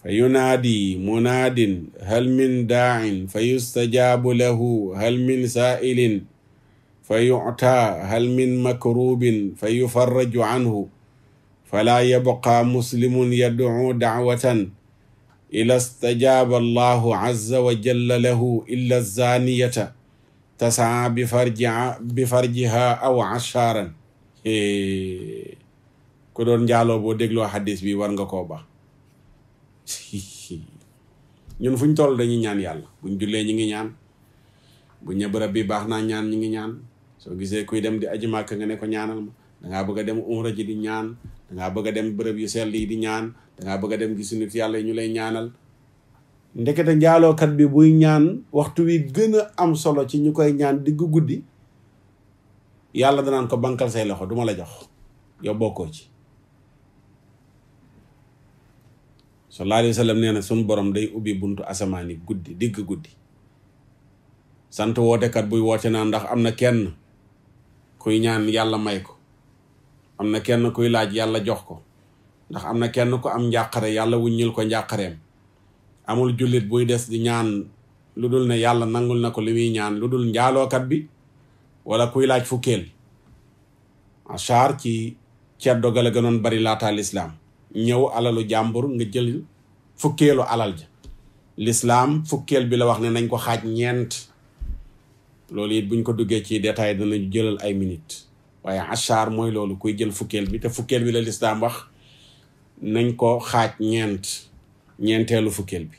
fa yunaadi munaadin hal min daa'in fa yustajaabu lahu hal min saa'ilin fa yutaa hal min makrubin fa yufarraju anhu falaa yabqaa muslimun yad'u dacwatan ila stajaaba allahu azza wa jalla lahu illa zaaniyata tasaa bi farjia bi farjiha aw ashaaran ku doon njaaloo boo dégloo xadis bi war nga koo baax ñun fuñ toll dañuy ñaan yàlla buñ jullee ñi ngi ñaan bu ñëbërëb bi baax naa ñaan ñi ngi ñaan soo gisee kuy dem di aji màkk nga ne ko ñaanal ma dangaa bëgg a dem umra ji di ñaan dangaa bëgg a dem bërëb yu sell yi di ñaan dangaa bëgg dem gis nit yàlla yi ñu lay ñaanal ndekete njaalookat bi buy ñaan waxtu wi gën a am solo ci ñu koy ñaan diggu guddi yàlla danaan ko bankal say loxo duma la jox yow ko ci sallallahu alayhi nee na sunu borom day ubbi buntu asamaan yi guddi digg guddi sant wootekat buy wooce naa ndax am na kenn kuy ñaan yàlla may ko am na kenn kuy laaj yàlla jox ko ndax am na kenn ku am njàqare yàlla wuññil ko njàqareem amul jullit buy des di ñaan lu dul ne yàlla nangul na ko li muy ñaan lu dul njaalookat bi wala kuy laaj fukkeel achar ci ceddo gala gënoon bari laata lislaam ñëw alalu jàmbur nga jël fukkeelu alal ja lislaam fukkeel bi la wax ne nañ ko xaaj ñeent loolu it buñ ko duggee ci détail danañu jëlal ay minit waaye achar mooy loolu kuy jël fukkeel bi te fukkeel bi la lislaam wax nañ ko xaaj ñeent ñeenteelu fukkeel bi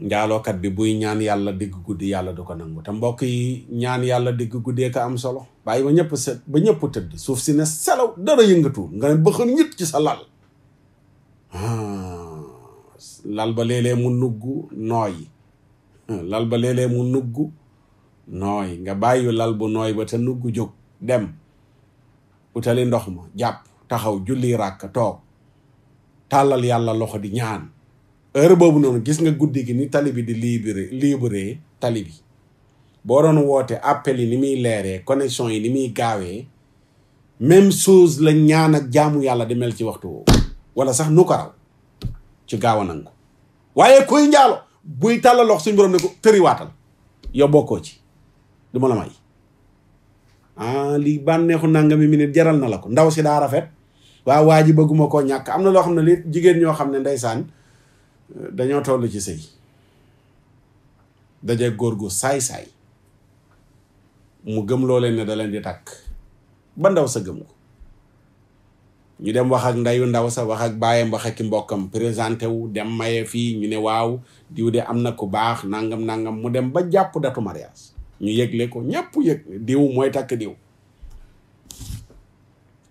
njaalookat bi buy ñaan yàlla digg guddi yàlla du ko nangu te mbokk yi ñaan yàlla digg guddee ka am solo bàyyi ba ñëpp set ba ñëpp tëdd suuf si ne selaw dara yëngatuwul nga ne bëxën ñit ci sa lal ah, lal ba léeg-léeg mu nugg nooyi lal ba léeg-léeg mu nugg nooy nga bàyyi lal bu nooy ba te nugg jóg dem utali ndox ma jàpp taxaw julli ràkk toog tàllal yàlla loxo di ñaan heure boobu noonu gis nga guddi gi ni tali bi di libéré libéré tali bi boo doon woote appel yi ni muy leeree connexion yi ni muy gaawee même sos la ñaan ak jaamu yàlla di mel ci waxtu woowu wala sax nu ko raw ci gaaw a nangu waaye kuy njaalo buy tàllal si suñu na ne ko tëriwaatal yow bokkoo ci du ma la may ah lii bànneexu nangami minute jaral na la ko ndaw si daa rafet waaw waa ji bëgguma koo ñàkk am na loo xam ne li jigéen ñoo xam ne ndeysaan dañoo toll ci sëy daje góor gu saay-saay mu gëm loo leen da leen di takk ba ndaw sa gëm ko ñu dem wax ak ndeyu ndaw sa wax ak baayam wax ak mbokkam présenté wu dem maye fii ñu ne waaw diw de am na ku baax nangam nangam mu dem ba jàpp datu mariage ñu yëgle ko ñëpp yëg diw mooy takk diw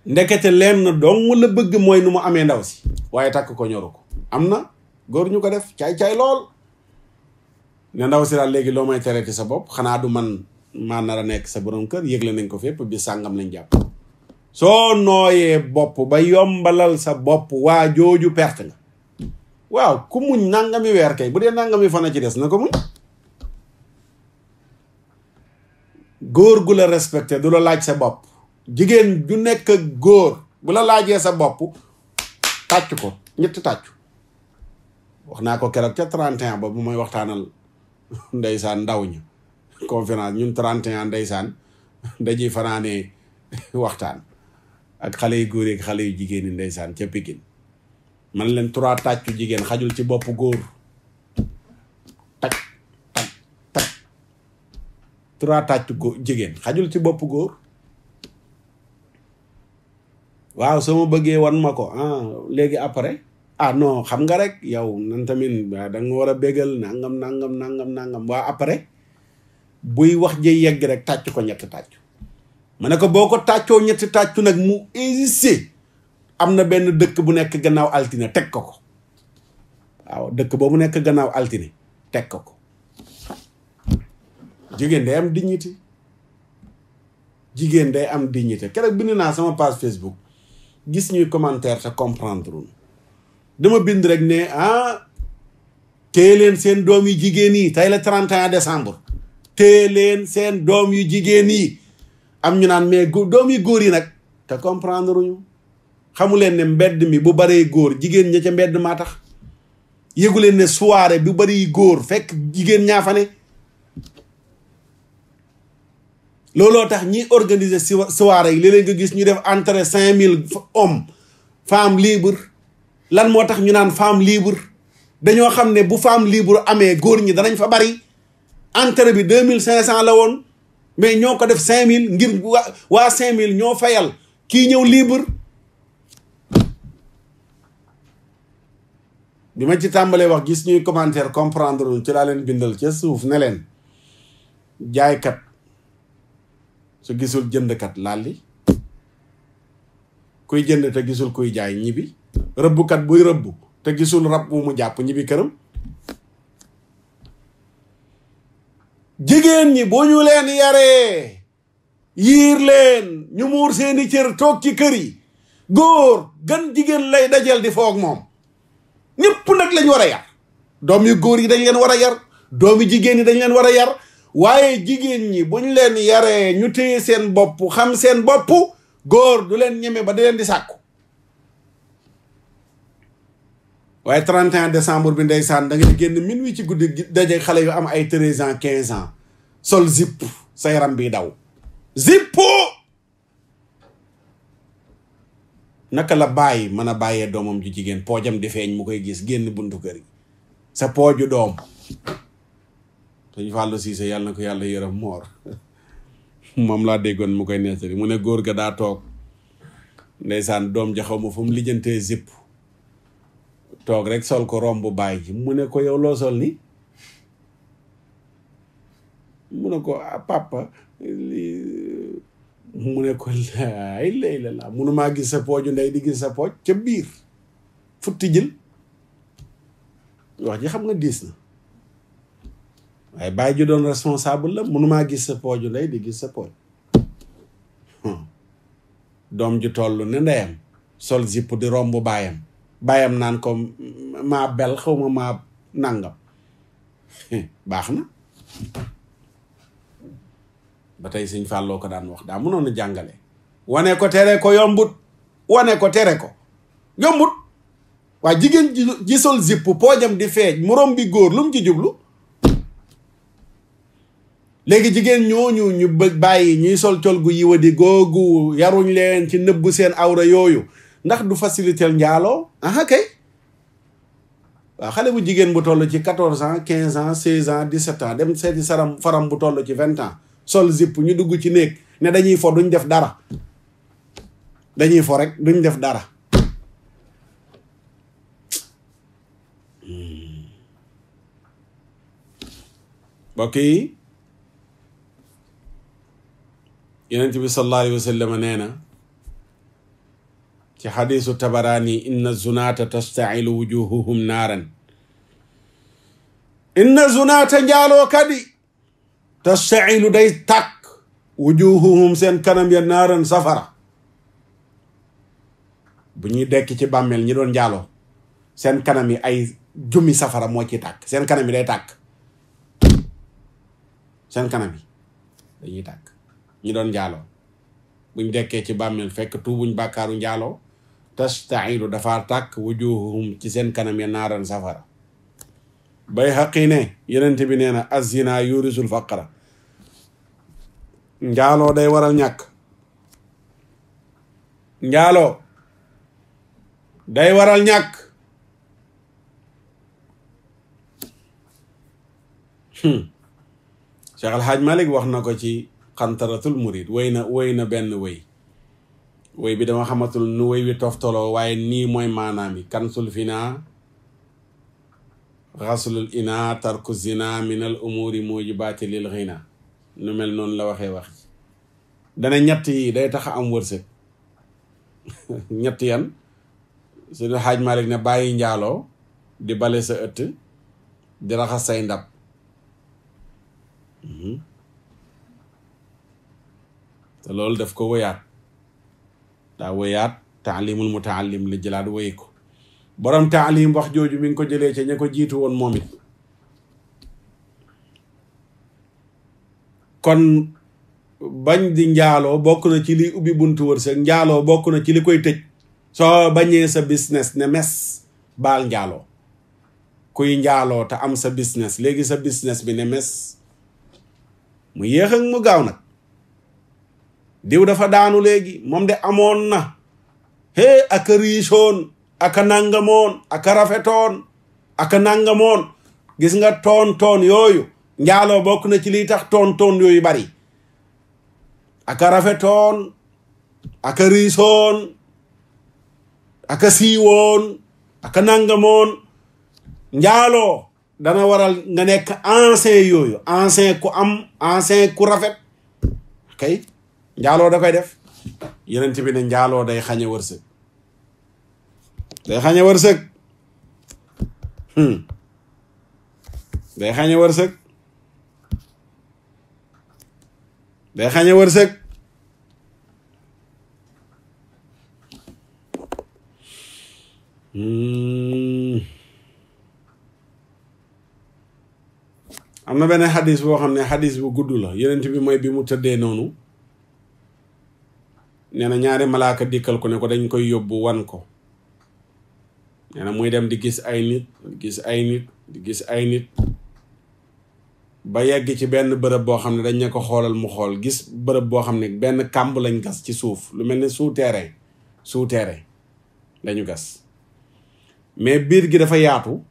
ndekete leen na dong la bëgg mooy nu mu amee ndaw si waaye takk ko ñoru ko am na góor ñu ko def caay cay lool ne ndaw si daal léegi loo may tereti sa bopp xanaa du man maa nar a nekk sa borom kër yëgle nañ ko fépp bi sàngam lañ jàpp soo nooyee bopp ba yombalal sa bopp waa jooju perte nga waaw ku muñ nangami weer kay bu dee nangami fan a ci des na ko muñ góor gu la respecté du la laaj sa bopp jigéen ju nekk góor bu la laajee sa bopp tàcc ko ñetti tàccu wax naa ko keroog ca 31 ba bu may waxtaanal ndeysaan ndaw ñi conférence ñun 31 ndeysaan dañuy fanaanee waxtaan ak xale yu góor yi ak xale yu jigéen yi ndeysaan ca Pikine man leen trois tàccu jigéen xajul ci bopp góor taj taj taj trois tàccu góor jigéen xajul ci bopp góor waaw ma bëggee wan ma ko ah, léegi après ah no xam nga rek yow nan tamit ah, da nga war a bégal nangam nangam nangam nangam waa après buy wax jëy yegg rek tàcc ko ñett tàcc ma ne ko boo ko tàccoo ñetti tàccu nag mu insisté am na benn dëkk bu nekk gannaaw altine teg ko ko waaw dëkk boobu nekk gannaaw altine teg ko ko jigéen day am dignité jigéen day am dignité keroog bind naa sama page Facebook gis ñuy commentaire te comprendre dama bind rek ne ah téye seen doom yu jigéen yi tey la 31 décembre téye leen seen doom yu jigéen yi am ñu naan mais doom yi góor yi nag te comprendre ñu xamu leen ne mbedd mi bu baree góor jigéen ña ca mbedd maa tax yëgu ne soirée bu bari góor fekk jigéen ñaa fa ne looloo tax ñi organiser soirée yi léeg-léeg nga gis ñu def entrée cinq mille hommes femme libre lan moo tax ñu naan femme libre dañoo xam ne bu femme libre amee góor ñi danañ fa bari entrée bi deux mille cinq cent la woon mais ñoo ko def cinq mille ngir waa cinq mille ñoo fayal kii ñëw libre bi ma ci tàmbalee wax gis ñuy commentaire comprendre ci laa bindal ci suuf ne leen jaaykat su gisul jëndkat làlli kuy jënd te gisul kuy jaay ñibi rëbbukat buy rëbb te gisul rab wu mu jàpp ñibi këram jigéen ñi boo ñu leen yaree yiir leen ñu muur seeni cër toog ci kër yi góor gan jigéen lay dajal di foog moom ñëpp nag lañu war a yar doom yu góor yi dañ leen war a yar doom yu jigéen ñi dañ leen war a yar waaye jigéen ñi buñ leen yaree ñu téye seen bopp xam seen bopp góor du leen ñeme ba di leen di sàkku waaye 31 décembre bi ndeysaan da ngay génn minuit ci guddi daje xale yu am ay 13 ans 15 ans sol zipp sa yaram bi daw zippo naka la bàyyi mën a bàyyee doomam ju jigéen poojam di feeñ mu koy gis génn buntu kër gi sa pooju doom suñ fàllu siise yàlla na ko yàlla yërëm moor moom laa déggoon mu koy nettali mu ne góor ga daa toog ndeysaan doom ja xaw ma fu mu lijjantee zipp toog rek sol ko romb baay ji mu ne ko yow loo sol ni mu ne ko ah, papa mu ne ko laay lay la laa munumaa gis sa pooju ndey di gis sa pooj ca biir futti jël wax ji xam nga diis na waaye bàyyi ju doon la munumaa gis sa pooju ndey di gis sa pooj hmm. doom ju toll ne ndeyam sol zipp di romb baayam bàyyam naan ko maa bel xaw ma maa nàngam baax na ba tey sëñ Fallou ko daan wax daa mu a jàngale wane ko tere ko yombut wane ko tere ko yombut waa jigéen ji sol zipp poojam di feej moroom bi góor lu mu ci jublu léegi jigéen ñooñu ñu bëgg bàyyi ñuy sol col gu yiwa di googu yaruñ leen ci nëbbu seen awra yooyu ndax du faciliter njaaloo aha kay waaw xale bu jigéen bu toll ci quatorze ans quinze ans seize ans dix-sept ans dem seeti saram faram bu toll ci vingt ans sol zip ñu dugg ci néeg ne dañuy fo duñ def dara dañuy fo rek duñ def dara hmm. mbokk yi Yonent bi sallallahu alayhi wa nee na ci xadiisu tabaraani inna zunaata tastailu wujuhuhum naaran inna zunaata njaalookat yi tastailu day tàkk wujuhuhum seen kanam ya naaran safara bu ñuy dekk ci bàmmeel ñi doon seen kanam yi ay jumi safara moo ci tàkk seen kanam yi day tàkk seen kanam yi dañuy tàkk ñi doon njaaloo buñ dekkee ci bàmmeel fekk tuubuñ bàkkaaru njaalo tashta'ilu dafa tàkk wujuhuhum ci seen kanam ya naaran safara Bayhaqi ne yenent bi nee na az-zinaa yurisul faqra njaaloo day waral ñàkk njaalo day waral ñàkk hmm. Cheikh Alhaaj Malik wax na ko ci xantaratul murid wéy na wéy na benn wéy woy bi dama xamatul nu woy bi toftaloo waaye nii mooy maanaam yi kansul fina xaslul ina tarku zina minal umuri mujibaati lil xina nu mel noonu la waxee wax ji dana ñett yi day taxa am wërsëg ñett yan suñu xaaj Malik ne bàyyi njaaloo di bale sa ëtt di raxas say ndab mhm. te loolu def ko wëyaat daa woyaat taalimul mutaalim la jëlaat woy ko borom taalim wax jooju mi ngi ko jëlee ca ña ko jiitu woon moom it kon bañ di njaaloo bokk na ci liy ubbi buntu wërsëg njaaloo bokk na ci li koy tëj soo bañee sa business ne mes baal njaaloo kuy njaaloo te am sa business léegi sa business bi ne mes mu yéex mu gaaw nag diw dafa daanu léegi moom de amoon na hé aka riisoon aka nangamoon aka rafetoon aka nangamoon gis nga toon toon yooyu njaalo bokk na ci lii tax toon toon yooyu bari aka rafetoon aka riisoon aka siiwoon aka nangamoon njaaloo dana waral nga nekk ancien yooyu ancien ku am ancien ku rafet kay njaaloo da def yeneen bi ne njaaloo day xañe wërsëg day xañe wërsëg hmm. day xañe wërsëg day xañe wërsëg hmm. am na benn xadis boo xam ne xadis bu gudd la yeneen bi mooy bi mu tëddee noonu nee na ñaari malaaka dikkal ko ne ko dañ koy yóbbu wan ko nee na muy dem di gis ay nit di gis ay nit gis ay nit ba yegg ci benn bërëb boo xam ne dañ ne ko xoolal mu xool gis bërëb boo xam ne benn kàmb lañ gas ci suuf lu mel ne souterrain souterrain lañu gas mais biir gi dafa yaatu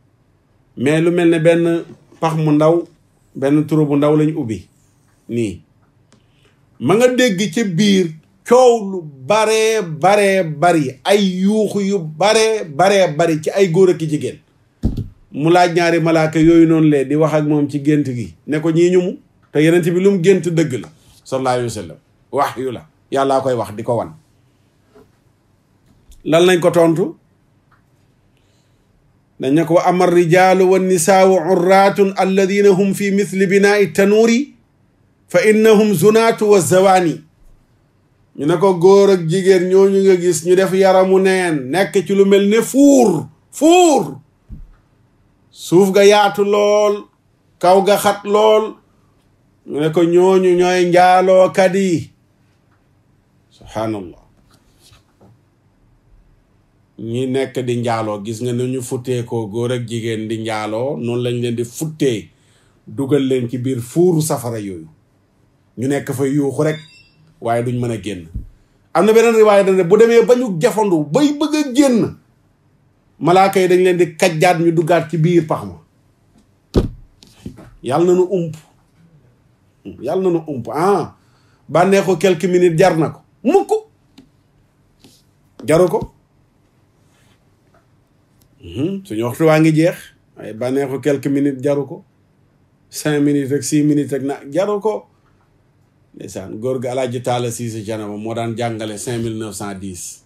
mais lu mel ne benn pax mu ndaw benn turu bu ndaw lañu ubbi nii ma nga dégg ci biir coow lu baree baree bari ay yuuxu yu baree baree bari ci ay góor ak jigéen mu laaj ñaari malaaka yooyu noonu lee di wax ak moom ci gént gi ne ko ñii ñumu te yenent bi lu mu gént dëgg la sallallahu alayhi wa sallam wax yu la yàllaa koy wax di ko wan lan lañ ko tontu dañ ne ko wa ama rijaalu wa nisaawu urraatun alladina hum fi mithli binaai tanuuri fa innahum zunaatu wa zawaani ñu ne ko góor ak jigéen ñooñu nga gis ñu def yaramu neen nekk ci lu mel ni fuur fuur suuf ga yaatu lool kaw ga xat lool ñu ne ko ñooñu ñooy njaalookat yi subhaanallah ñi nekk di njaaloo gis nga ni ñu futtee ko góor ak jigéen di njaaloo noonu lañ leen di futtee dugal leen ci biir fuuru safara yooyu ñu nekk fa yuuxu rek waaye duñ mën a génn am na beneen waaye dana bu demee ba ñu jafandu bay bëgg a génn malaaka yi dañ leen di kajjaat mi duggaat ci biir pax ma yàlla na nu ump yàlla na nu ump ah bànneexu ko quelques jar na ko mukk jaru ko hmm, suñu waxtu waa ngi jeex waaye bànnee ko quelques jaru ko cinq minutes ak six minutes ak na jaru ko ndeysaan góor gi alaaji taala siise janama moo daan jàngale cinq mille neuf cent dix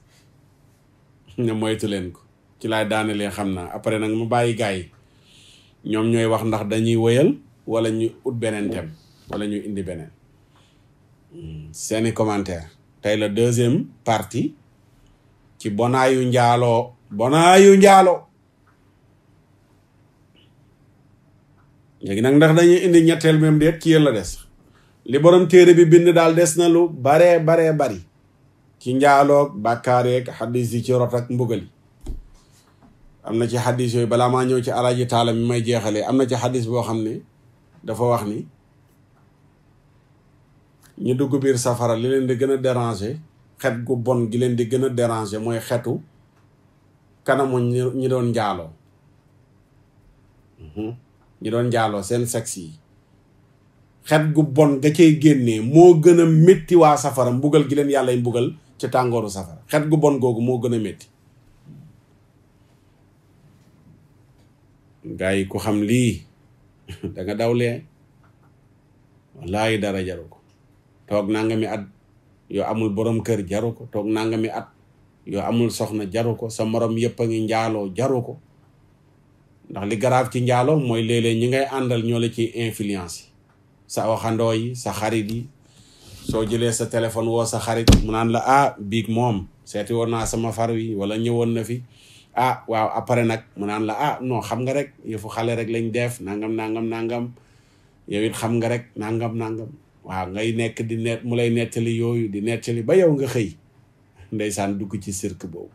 ne moytu leen ko ci laay daanelee xam naa après nag mu bàyyi gars ñoom ñooy wax ndax dañuy wëyal walla ñu ut beneen thème wala ñu indi beneen hmm, seeni commentaire tey la deuxième partie ci bonaayu njaaloo bonaayu njaaloo léegi nag ndax dañuy indi ñetteel même déet ci yéen la des li borom téere bi bind daal des na lu baree baree bari ci njaaloog bàkkaar xaddis yi ci rot ak yi am na ci xaddis yooyu balaa maa ñëw ci alaaji taala mi may jeexalee am na ci xaddis boo xam ne dafa wax ni ñu dugg biir safara li leen di gën a déranger xet gu bon gi leen di gën a déranger mooy xetu kanamu ñi doon njaaloo mhm. ñi doon njaaloo seen sexe yi xet gu bon ga cay génnee moo gën a métti waa safara mbugal gi leen yàllay mbugal ci tàngooru safara xet gu bon googu moo gën a métti gaa yi ku xam lii da nga dawlee wallaahi dara jaru ko toog nanga mi at yoo amul borom kër jaru ko toog mi at yoo amul soxna jaru ko sa moroom yëpp a ngi njaaloo jaru ko ndax li grave ci njaaloo mooy léeg ñi ngay àndal ñoo la ciy influence sa waxandoo yi sa xarit yi soo jëlee sa téléphone woo sa xarit mu naan la ah biig moom seeti woon naa sama far wi wala ñëwoon na fi ah waaw après nag mu naan la ah noo xam nga rek yëfu xale rek lañ def nangam nangam nangam yow xam nga rek nangam nangam waaw ngay nekk di net mu lay nettali yooyu di nettali ba yow nga xëy ndeysaan dugg ci cirque boobu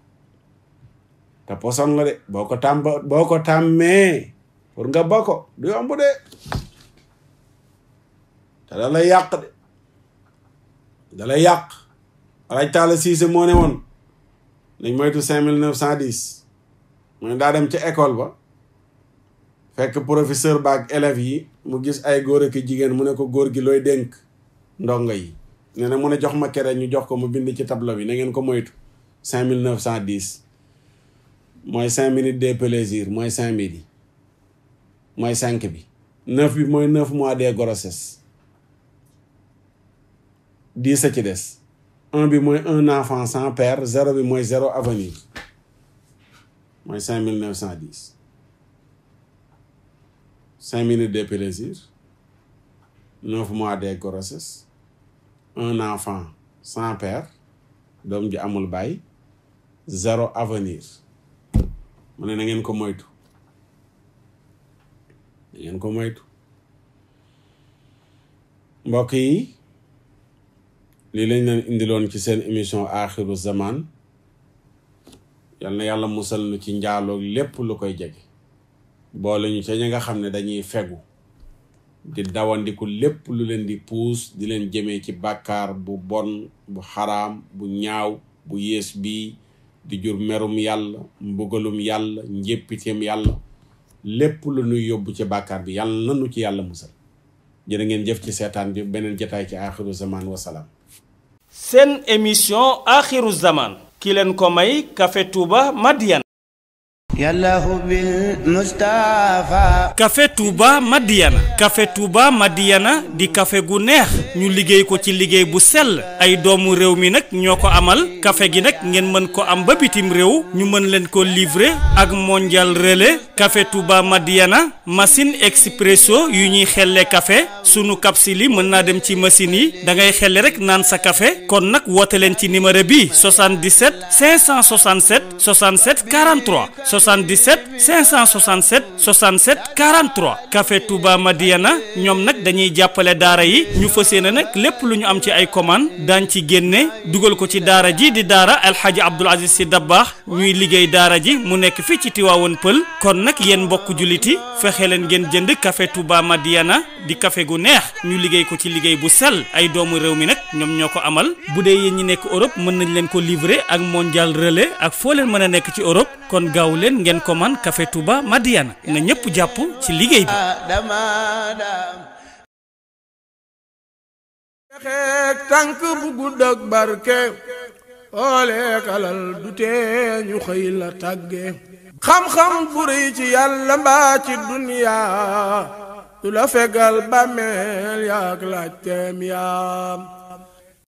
te poson la de boo ko tàmba boo pour nga ba ko du yomb de te da yàq de da yàq alaj taala siise moo ne woon nañ moytu cinq mille neuf cent dix mooy daa dem ca école ba fekk professeur ba ak élèves yi mu gis ay góor ak jigéen mu ne ko góor gi looy dénk ndongo yi ne na mu ne jox ma kere ñu jox ko mu bind ci tablo bi na ngeen ko moytu cinq mille neuf cent dix mooy cinq minutes des plaisirs mooy cinq mille yi mooy cinq bi neuf bi mooy neuf mois des grossesses dix a ci des un bi mooy un enfant sans père zéro bi mooy zéro avenir mooy cinq mille neuf cent dix cinq minutes de plaisir neuf mois de grossesse un enfant sans père doom ji amul baay zéro avenir mu ne na ngeen ko moytu na ngeen ko moytu mbokk yi lii lañ leen indiloon ci seen émission aaxiru zaman yal na yàlla musal nu ci njaaloog lépp lu koy jege boole ñu ca nga xam ne dañuy fegu di dawandiku lépp lu leen di puus di leen jëmee ci bàkkaar bu bon bu xaraam bu ñaaw bu yées bi di jur merum yàlla mbugalum yàlla njéppiteem yàlla lépp lu nuy yóbbu ci bàkkaar bi yàlla nanu ci yàlla musal jërë ngeen jëf ci seetaan bi beneen jataay ci aaxiru zaman wasalaam seen émission axiru zaman ki leen ko may Café Touba Madiana yàllahu bil Mustafa. café Touba Madiyana. café Touba Madiyana di kafe gu neex ñu liggéey ko ci liggéey bu sell ay doomu réew mi nag ñoo ko amal kafe gi nag ngeen mën ko am ba bitim réew ñu mën leen ko livrer ak mondial relais kafe Touba Madiyana machine expresso yu ñuy xellee kafe sunu capsule yi mën naa dem ci machine yi da ngay xelle rek naan sa kafe kon nag woote leen ci numéro bi 77 567 67 43. 77 567 67 43 Café Touba Madiana ñoom nag dañuy jàppale daara yi ñu fas yéene nag lépp lu ñu am ci ay commande daañ ci génne dugal ko ci daara ji di daara alxaaji Abdul Aziz si Dabbaax ñuy liggéey daara ji mu nekk fii ci Tiwaawoon Pël kon nag yéen mbokk julliti fexe leen ngeen jënd Café Touba Madiana di kafe gu neex ñu liggéey ko ci liggéey bu sel ay doomu réew mi nag ñoom ñoo ko amal bu dee yéen ñi nekk Europe mën nañ leen ko livrer ak mondial relais ak foo leen mën a nekk ci Europe déwén ngeen ko man Café Touba Madiyana na ñëpp jàpp ci liggéey bi tànk bu gudd ak barke oolee kalal du tee ñu xëy la tàgge xam-xam bu rëy ci yàlla mbaa ci duniyaa du la fegal bàmmeel yaak laaj teem